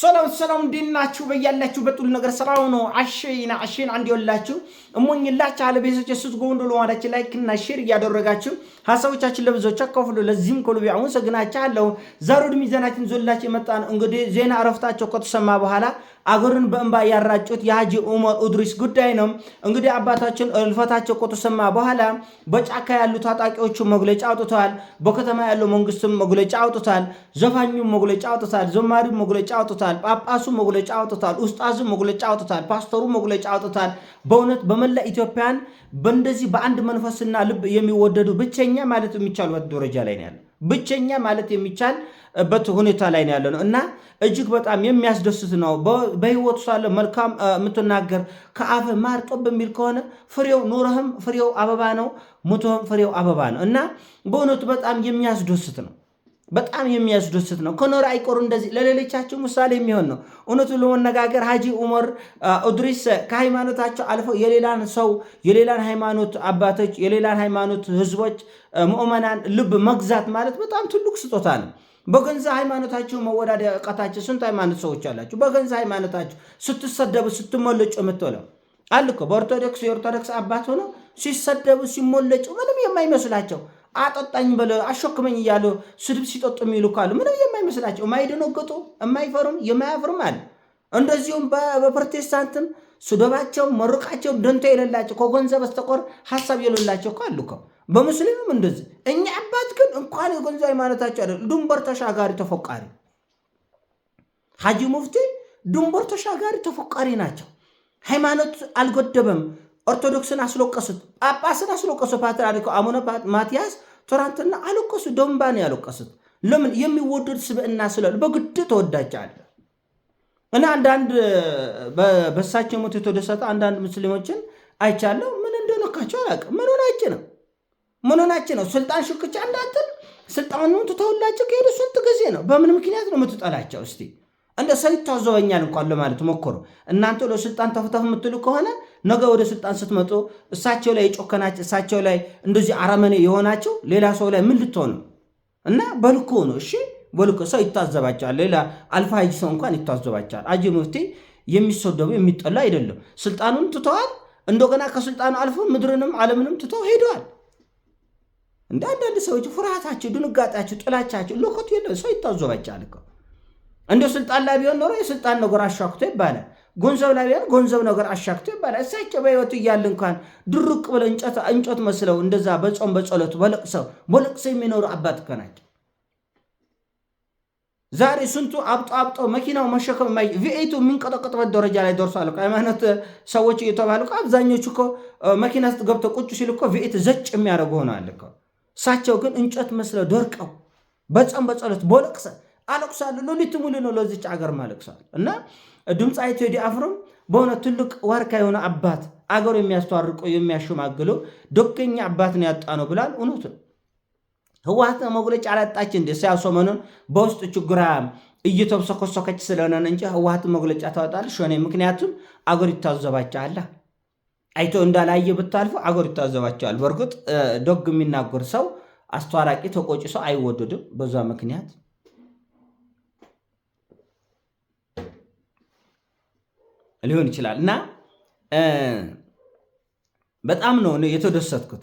ሰላም ሰላም እንዴት ናችሁ? በያላችሁ በጥሉ ነገር ስራው ነው። አሸይና አሸይን አንድ ይወላችሁ እሞኝላችሁ አለ ቤተሰቦች እሱት ጎንዶ ለማዳችሁ ላይክ እና ሼር እያደረጋችሁ ሀሳቦቻችን ለብዙዎች አካፍሉ። ለዚህም ከልብ አመሰግናችኋለሁ። ዛሬ ወደ ሚዛናችን ዞላችሁ የመጣን እንግዲህ ዜና እረፍታቸው ከተሰማ በኋላ አገሩን በእንባ ያራጩት የሀጂ ኡመር ኢድሪስ ጉዳይ ነው። እንግዲህ አባታችን እልፈታቸው ከተሰማ በኋላ በጫካ ያሉ ታጣቂዎቹ መግለጫ አውጥተዋል። በከተማ ያለው መንግስትም መግለጫ አውጥቷል። ዘፋኙ መግለጫ አውጥቷል። ዘማሪው መግለጫ አውጥቷል። አውጥቷል። ጳጳሱ መግለጫ አውጥቷል። ኡስጣዙ መግለጫ አውጥቷል። ፓስተሩ መግለጫ አውጥቷል። በእውነት በመላ ኢትዮጵያን በእንደዚህ በአንድ መንፈስና ልብ የሚወደዱ ብቸኛ ማለት የሚቻልበት ደረጃ ላይ ነው ያለ ብቸኛ ማለት የሚቻልበት ሁኔታ ላይ ነው ያለ ነው እና እጅግ በጣም የሚያስደስት ነው። በህይወቱ ሳለ መልካም የምትናገር ከአፍ ማር ጦብ የሚል ከሆነ ፍሬው ኑረህም ፍሬው አበባ ነው፣ ሙትህም ፍሬው አበባ ነው እና በእውነቱ በጣም የሚያስደስት ነው። በጣም የሚያስደስት ነው። ከኖር አይቆር እንደዚህ ለሌሎቻቸው ምሳሌ የሚሆን ነው። እውነቱ ለመነጋገር ሀጂ ኡመር እድሪስ ከሃይማኖታቸው አልፈው የሌላን ሰው የሌላን ሃይማኖት አባቶች የሌላን ሃይማኖት ህዝቦች ምዕመናን ልብ መግዛት ማለት በጣም ትልቅ ስጦታ ነው። በገንዛ ሃይማኖታችሁ መወዳደ ያቃታችሁ ስንት ሃይማኖት ሰዎች አላችሁ? በገንዛ ሃይማኖታችሁ ስትሰደቡ ስትሞለጩ የምትውለው አልኮ በኦርቶዶክስ የኦርቶዶክስ አባት ሆኖ ሲሰደቡ ሲሞለጩ ምንም የማይመስላቸው አጠጣኝ በለ አሾክመኝ እያለ ስድብ ሲጠጡ የሚሉ ካሉ ምንም የማይመስላቸው የማይደነገጡ የማይፈሩም የማያፍርም አለ። እንደዚሁም በፕሮቴስታንትም ሱደባቸው መርቃቸው ደንቶ የሌላቸው ከገንዘብ በስተቀር ሀሳብ የሌላቸው ካሉ አሉ በሙስሊምም እንደዚህ። እኛ አባት ግን እንኳን የገንዘብ ሃይማኖታቸው አይደለም ድንበር ተሻጋሪ ተፎቃሪ ሀጂ ሙፍቲ ድንበር ተሻጋሪ ተፎቃሪ ናቸው። ሃይማኖት አልጎደበም። ኦርቶዶክስን አስለቀሱት፣ ጳጳስን አስለቀሱ። ፓትርያርኩ አቡነ ማትያስ ቶራንትና አለቀሱ። ደንባን ያለቀሱት ለምን? የሚወደድ ስብዕና ስላሉ በግድ ተወዳጃለ እና አንዳንድ በሳቸው ሞት የተደሰተ አንዳንድ ሙስሊሞችን አይቻለሁ። ምን እንደነካቸው አላውቅም። ምን ሆናች ነው? ምን ሆናች ነው? ስልጣን ሽኩቻ እንዳትል ስልጣኑን ትተውላቸው ከሄዱ ስንት ጊዜ ነው? በምን ምክንያት ነው የምትጠላቸው? እስቲ እንደ ሰው ይታዘበኛል እንኳን ለማለት ሞክሩ። እናንተ ለስልጣን ተፍተፍ የምትሉ ከሆነ ነገ ወደ ስልጣን ስትመጡ እሳቸው ላይ የጮከናቸው እሳቸው ላይ እንደዚህ አረመኔ የሆናቸው ሌላ ሰው ላይ ምን ልትሆኑ እና በልኮ ነው። እሺ በልኮ ሰው ይታዘባቸዋል። ሌላ አልፋ ሀጂ ሰው እንኳን ይታዘባቸዋል። ሀጂ ሙፍቲ የሚሰደቡ የሚጠሉ አይደለም። ስልጣኑን ትተዋል። እንደገና ከስልጣኑ አልፎ ምድርንም ዓለምንም ትተው ሄደዋል። እንደ አንዳንድ ሰዎች ፍርሃታቸው፣ ድንጋጣቸው፣ ጥላቻቸው ልኮት የለ ሰው ይታዘባቸዋል። እንደ ስልጣን ላይ ቢሆን ኖሮ የስልጣን ነገር አሻኩቶ ይባላል። ጎንዘብ ላይ ቢሆን ጎንዘብ ነገር አሻክቶ ይባላል። እሳቸው በሕይወት እያለ እንኳን ድርቅ ብለው እንጨት መስለው እንደዛ በጾም በጸሎት በለቅሰው በለቅሰው የሚኖሩ አባት እኮ ናቸው። ዛሬ ስንቱ አብጦ አብጦ መኪናው መሸከም ማ ቪኤቱ የሚንቀጠቀጥበት ደረጃ ላይ ደርሷል። ሃይማኖት ሰዎች እየተባሉ አብዛኞቹ እኮ መኪና ውስጥ ገብተው ቁጭ ሲል እኮ ቪኤት ዘጭ የሚያደርጉ ሆነዋል እኮ። እሳቸው ግን እንጨት መስለው ደርቀው በጾም በጸሎት በለቅሰ አለቅሳሉ። ሎሊት ሙሉ ነው ለዚች አገር ማለቅሳሉ እና ድምፃዊ ቴዲ አፍሮም በሆነ ትልቅ ዋርካ የሆነ አባት አገሩ የሚያስተዋርቀው የሚያሸማግለው ዶቀኛ አባት ነው ያጣ ነው ብላል። እውነቱ ህወሓት መግለጫ አላጣች እንደ ሳያ ሰሞኑን በውስጥ ችግራ እየተብሰኮሰከች ስለሆነ እንጂ ህወሓት መግለጫ ታወጣለች ሆነ። ምክንያቱም አገር ይታዘባችኋል። አይቶ እንዳላየ ብታልፉ አገር ይታዘባችኋል። በእርግጥ ዶግ የሚናገር ሰው አስተዋራቂ ተቆጪ ሰው አይወደድም። በዛ ምክንያት ሊሆን ይችላል እና በጣም ነው የተደሰትኩት።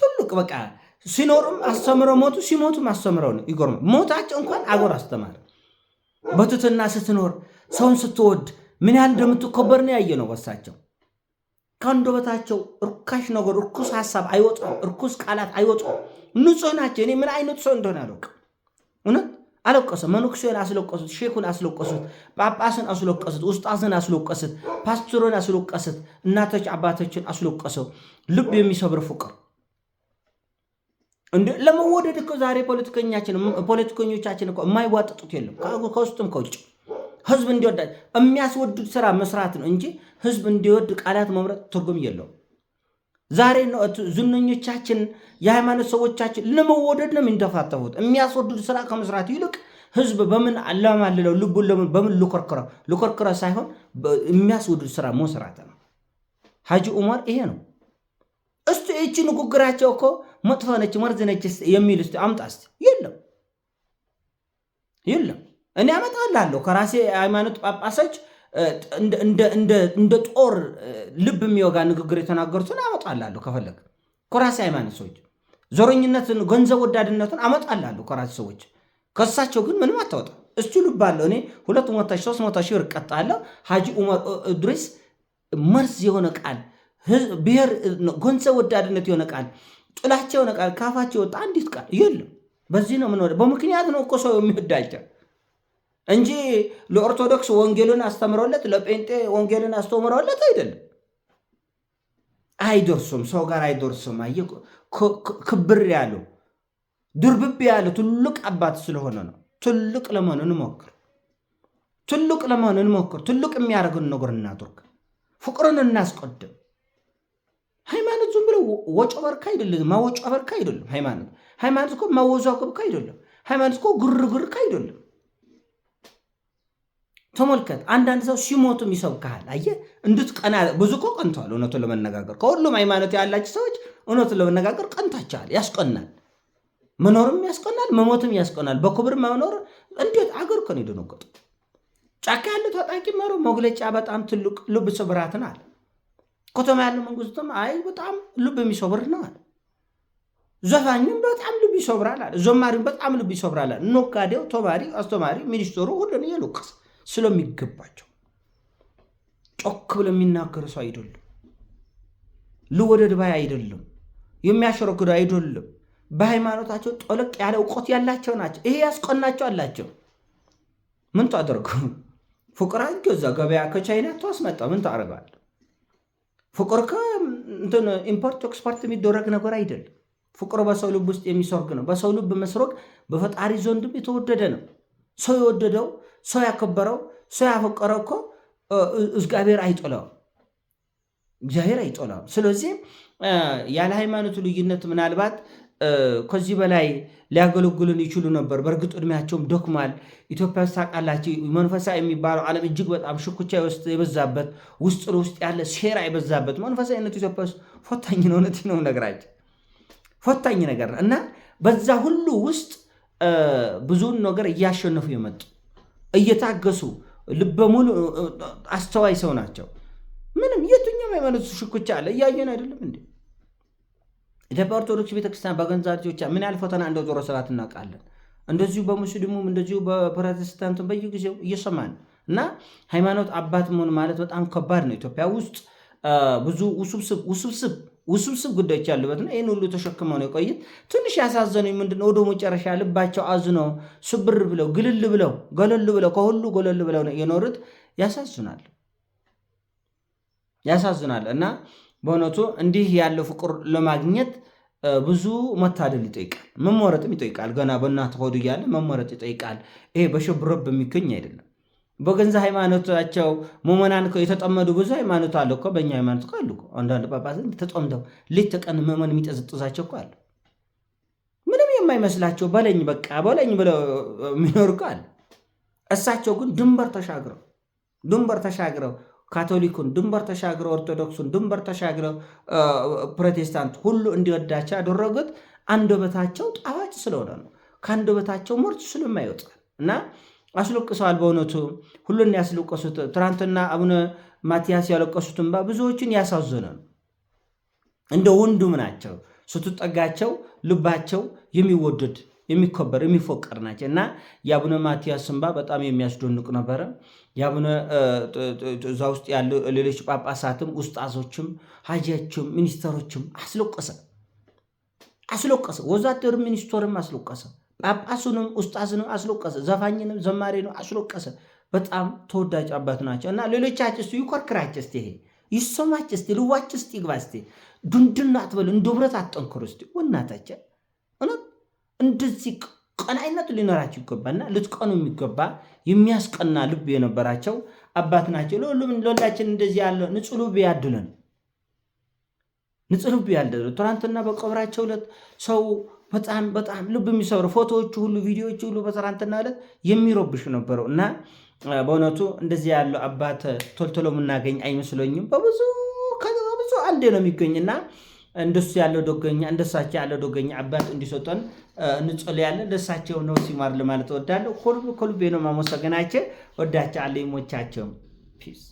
ትልቅ በቃ ሲኖሩም አስተምረው ሞቱ፣ ሲሞቱም አስተምረው ነው። ይጎርማ ሞታቸው እንኳን አገር አስተማር በትትና ስትኖር ሰውን ስትወድ ምን ያህል እንደምትከበር ነው ያየ ነው በሳቸው ከአንደበታቸው እርካሽ ነገር እርኩስ ሀሳብ አይወጡ እርኩስ ቃላት አይወጡ ንጹህ ናቸው። እኔ ምን አይነት ሰው እንደሆነ አላውቅም እውነት አለቀሰ። መነኩሴን አስለቀሱት፣ ሼኩን አስለቀሱት፣ ጳጳስን አስለቀሱት፣ ውስጣዝን አስለቀሱት፣ ፓስተሮን አስለቀሱት፣ እናቶች አባቶችን አስለቀሰው። ልብ የሚሰብር ፍቅር እንደ ለመወደድ እኮ ዛሬ ፖለቲከኛችን ፖለቲከኞቻችን እኮ የማይዋጥጡት የለም ከውስጥም ከውጭ ህዝብ እንዲወዳ የሚያስወዱት ስራ መስራት ነው እንጂ ህዝብ እንዲወድ ቃላት መምረጥ ትርጉም የለው። ዛሬ ዝነኞቻችን የሃይማኖት ሰዎቻችን ለመወደድ ነው የሚንተፋተፉት። የሚያስወድድ ስራ ከመስራት ይልቅ ህዝብ በምን አላማልለው ልቡን ለምን በምን ልኮርክረ ልኮርክረ ሳይሆን የሚያስወድድ ስራ መስራት ነው። ሀጂ ዑመር ይሄ ነው። እስቲ እቺ ንግግራቸው እኮ መጥፎ ነች መርዝ ነች የሚል ስ አምጣ ስ የለም የለም። እኔ አመጣላለሁ ከራሴ ሃይማኖት ጳጳሶች እንደ ጦር ልብ የሚወጋ ንግግር የተናገሩትን አመጣላለሁ። ከፈለግ ኮራሲ ሃይማኖት ሰዎች ዞረኝነትን፣ ገንዘብ ወዳድነትን አመጣላለሁ ኮራሲ ሰዎች። ከሳቸው ግን ምንም አታወጣ። እሱ ልብ አለው። እኔ ሁለት መቶ ሺህ ሶስት መቶ ሺህ ብር እቀጣለሁ። ሀጂ ዑመር እድሪስ መርዝ የሆነ ቃል ብሔር፣ ገንዘብ ወዳድነት የሆነ ቃል፣ ጥላቸው የሆነ ቃል ካፋቸው የወጣ አንዲት ቃል የለም። በዚህ ነው ምን በምክንያት ነው እኮ ሰው የሚወዳቸው እንጂ ለኦርቶዶክስ ወንጌልን አስተምረውለት ለጴንጤ ወንጌልን አስተምረውለት አይደለም። አይደርሱም፣ ሰው ጋር አይደርሱም። አየ ክብር ያሉ ድርብብ ያለ ትልቅ አባት ስለሆነ ነው። ትልቅ ለመሆን እንሞክር፣ ትልቅ ለመሆን እንሞክር። ትልቅ የሚያደርግን ነገር እናድርግ። ፍቅርን እናስቀድም። ሃይማኖት ዝም ብሎ ወጮ በርካ አይደለም፣ ማወጮ በርካ አይደለም። ሃይማኖት ሃይማኖት እኮ ማወዛገብካ አይደለም። ሃይማኖት እኮ ግርግርካ አይደለም። ተመልከት አንዳንድ ሰው ሲሞቱም ይሰብካል። አየህ እንድትቀና ብዙ እኮ ቀንተዋል። እውነቱን ለመነጋገር ከሁሉም ሃይማኖት ያላቸው ሰዎች እውነቱን ለመነጋገር ቀንታቸዋል። ያስቀናል፣ መኖርም ያስቀናል፣ መሞትም ያስቀናል። በክብር መኖር እንዴት አገር ከን የደነገጡት ጫካ ያለ ታጣቂ መሮ መግለጫ በጣም ትልቅ ልብ ስብራት ነው አለ። ከተማ ያለ መንግስትም አይ በጣም ልብ የሚሰብር ነው አለ። ዘፋኝም በጣም ልብ ይሰብራል አለ። ዘማሪም በጣም ልብ ይሰብራል አለ። ነጋዴው፣ ተማሪ፣ አስተማሪ፣ ሚኒስትሩ ሁሉን እየለቀሰ ስለሚገባቸው ጮክ ብለው የሚናገር ሰው አይደለም። ልወደድ ባይ አይደለም። የሚያሸረግዱ አይደለም። በሃይማኖታቸው ጠለቅ ያለ እውቀት ያላቸው ናቸው። ይሄ ያስቆናቸው አላቸው። ምን ታደርጉ? ፍቅር እዛ ገበያ ከቻይና ተዋስመጣ ምን ታደርጋል? ፍቅር ኢምፖርት ኤክስፖርት የሚደረግ ነገር አይደለም። ፍቅር በሰው ልብ ውስጥ የሚሰርግ ነው። በሰው ልብ መስረግ በፈጣሪ ዘንድም የተወደደ ነው። ሰው የወደደው ሰው ያከበረው ሰው ያፈቀረው እኮ እግዚአብሔር አይጦለውም፣ እግዚአብሔር አይጦለውም። ስለዚህ ያለ ሃይማኖቱ ልዩነት ምናልባት ከዚህ በላይ ሊያገለግሉን ይችሉ ነበር። በእርግጥ እድሜያቸውም ደክሟል። ኢትዮጵያ ውስጥ ታውቃላችሁ፣ መንፈሳዊ የሚባለው ዓለም እጅግ በጣም ሽኩቻ የበዛበት ውስጥ ውስጥ ያለ ሴራ የበዛበት መንፈሳዊነት ኢትዮጵያ ውስጥ ፈታኝ ነው። እውነቴን ነው ነገራቸው ፈታኝ ነገር ነው እና በዛ ሁሉ ውስጥ ብዙውን ነገር እያሸነፉ የመጡ እየታገሱ ልበ ሙሉ አስተዋይ ሰው ናቸው። ምንም የትኛውም ሃይማኖት ሽኩቻ አለ እያየን አይደለም እንዴ? ኢትዮጵያ ኦርቶዶክስ ቤተክርስቲያን በገንዛ ልጆቻ ምን ያህል ፈተና እንደ ዞሮ ሰባት እናውቃለን። እንደዚሁ በሙስሊሙም እንደዚሁ በፕሮቴስታንቱም በየጊዜው እየሰማን እና ሃይማኖት አባት መሆን ማለት በጣም ከባድ ነው። ኢትዮጵያ ውስጥ ብዙ ውስብስብ ውስብስብ ውስብስብ ጉዳዮች ያሉበት ነው። ይህን ሁሉ ተሸክመው ነው የቆዩት። ትንሽ ያሳዘኑኝ ምንድነው ወደ መጨረሻ ልባቸው አዝኖ ስብር ብለው ግልል ብለው ገለል ብለው ከሁሉ ገለል ብለው ነው የኖሩት። ያሳዝናል፣ ያሳዝናል። እና በእውነቱ እንዲህ ያለ ፍቅር ለማግኘት ብዙ መታደል ይጠይቃል፣ መመረጥም ይጠይቃል። ገና በእናት ሆድ እያለ መመረጥ ይጠይቃል። ይሄ በሽብረብ የሚገኝ አይደለም። በገንዘብ ሃይማኖታቸው ምእመናን የተጠመዱ ብዙ ሃይማኖት አለ እኮ። በእኛ ሃይማኖት አሉ አንዳንድ ጳጳሳት ተጠምደው ሌት ተቀን ምእመን የሚጠዘጥዛቸው እኮ አሉ። ምንም የማይመስላቸው በለኝ በቃ በለኝ ብለው የሚኖር እኮ አሉ። እሳቸው ግን ድንበር ተሻግረው ድንበር ተሻግረው ካቶሊኩን ድንበር ተሻግረው ኦርቶዶክሱን ድንበር ተሻግረው ፕሮቴስታንት ሁሉ እንዲወዳቸው ያደረጉት አንደበታቸው ጣፋጭ ስለሆነ ነው። ከአንደበታቸው ሞርት ስለማይወጣ እና አስለቅሰዋል። በእውነቱ ሁሉን ያስለቀሱት ትናንትና አቡነ ማቲያስ ያለቀሱት እንባ ብዙዎችን ያሳዘነ እንደ ወንድም ናቸው። ስትጠጋቸው ልባቸው የሚወደድ የሚከበር የሚፎቀር ናቸው እና የአቡነ ማቲያስ እንባ በጣም የሚያስደንቅ ነበረ። የአቡነ እዛ ውስጥ ያሉ ሌሎች ጳጳሳትም ውስጣዞችም ሀጂያችም ሚኒስተሮችም አስለቀሰ አስለቀሰ ወዛደር ሚኒስተርም አስለቀሰ። ጳጳሱንም ውስጣስንም አስለቀሰ። ዘፋኝንም ዘማሪንም አስለቀሰ። በጣም ተወዳጅ አባት ናቸው እና ሌሎቻችስ ይኮርክራችስ ይሄ ይሶማችስ ልዋችስ ይግባስ ስ ይግባ ዱንድና አትበሉ እንደ ብረት አትጠንክሩ ስ ወናታቸ እውነት እንደዚህ ቀናይነት ሊኖራቸው ይገባና ልትቀኑ የሚገባ የሚያስቀና ልብ የነበራቸው አባት ናቸው። ለሁሉም ለሁላችን እንደዚህ ያለ ንጹህ ልብ ያድለን። ንጹህ ልብ ያድለን። ትናንትና በቀብራቸው ዕለት ሰው በጣም በጣም ልብ የሚሰብሩ ፎቶዎቹ ሁሉ ቪዲዮዎች ሁሉ በትናንትና ዕለት የሚረብሽ ነበረው እና በእውነቱ እንደዚህ ያለው አባት ቶልቶሎ የምናገኝ አይመስለኝም። በብዙ ከብዙ አንዴ ነው የሚገኝና እንደሱ ያለው ዶገኛ እንደሳቸው ያለው ዶገኛ አባት እንዲሰጠን ያለ እንደሳቸው ነው ሲማር ለማለት ወዳለሁ። ሁሉ ከልቤ ነው ማመሰገናቸው። ወዳቸው አለ ይሞቻቸው ፒስ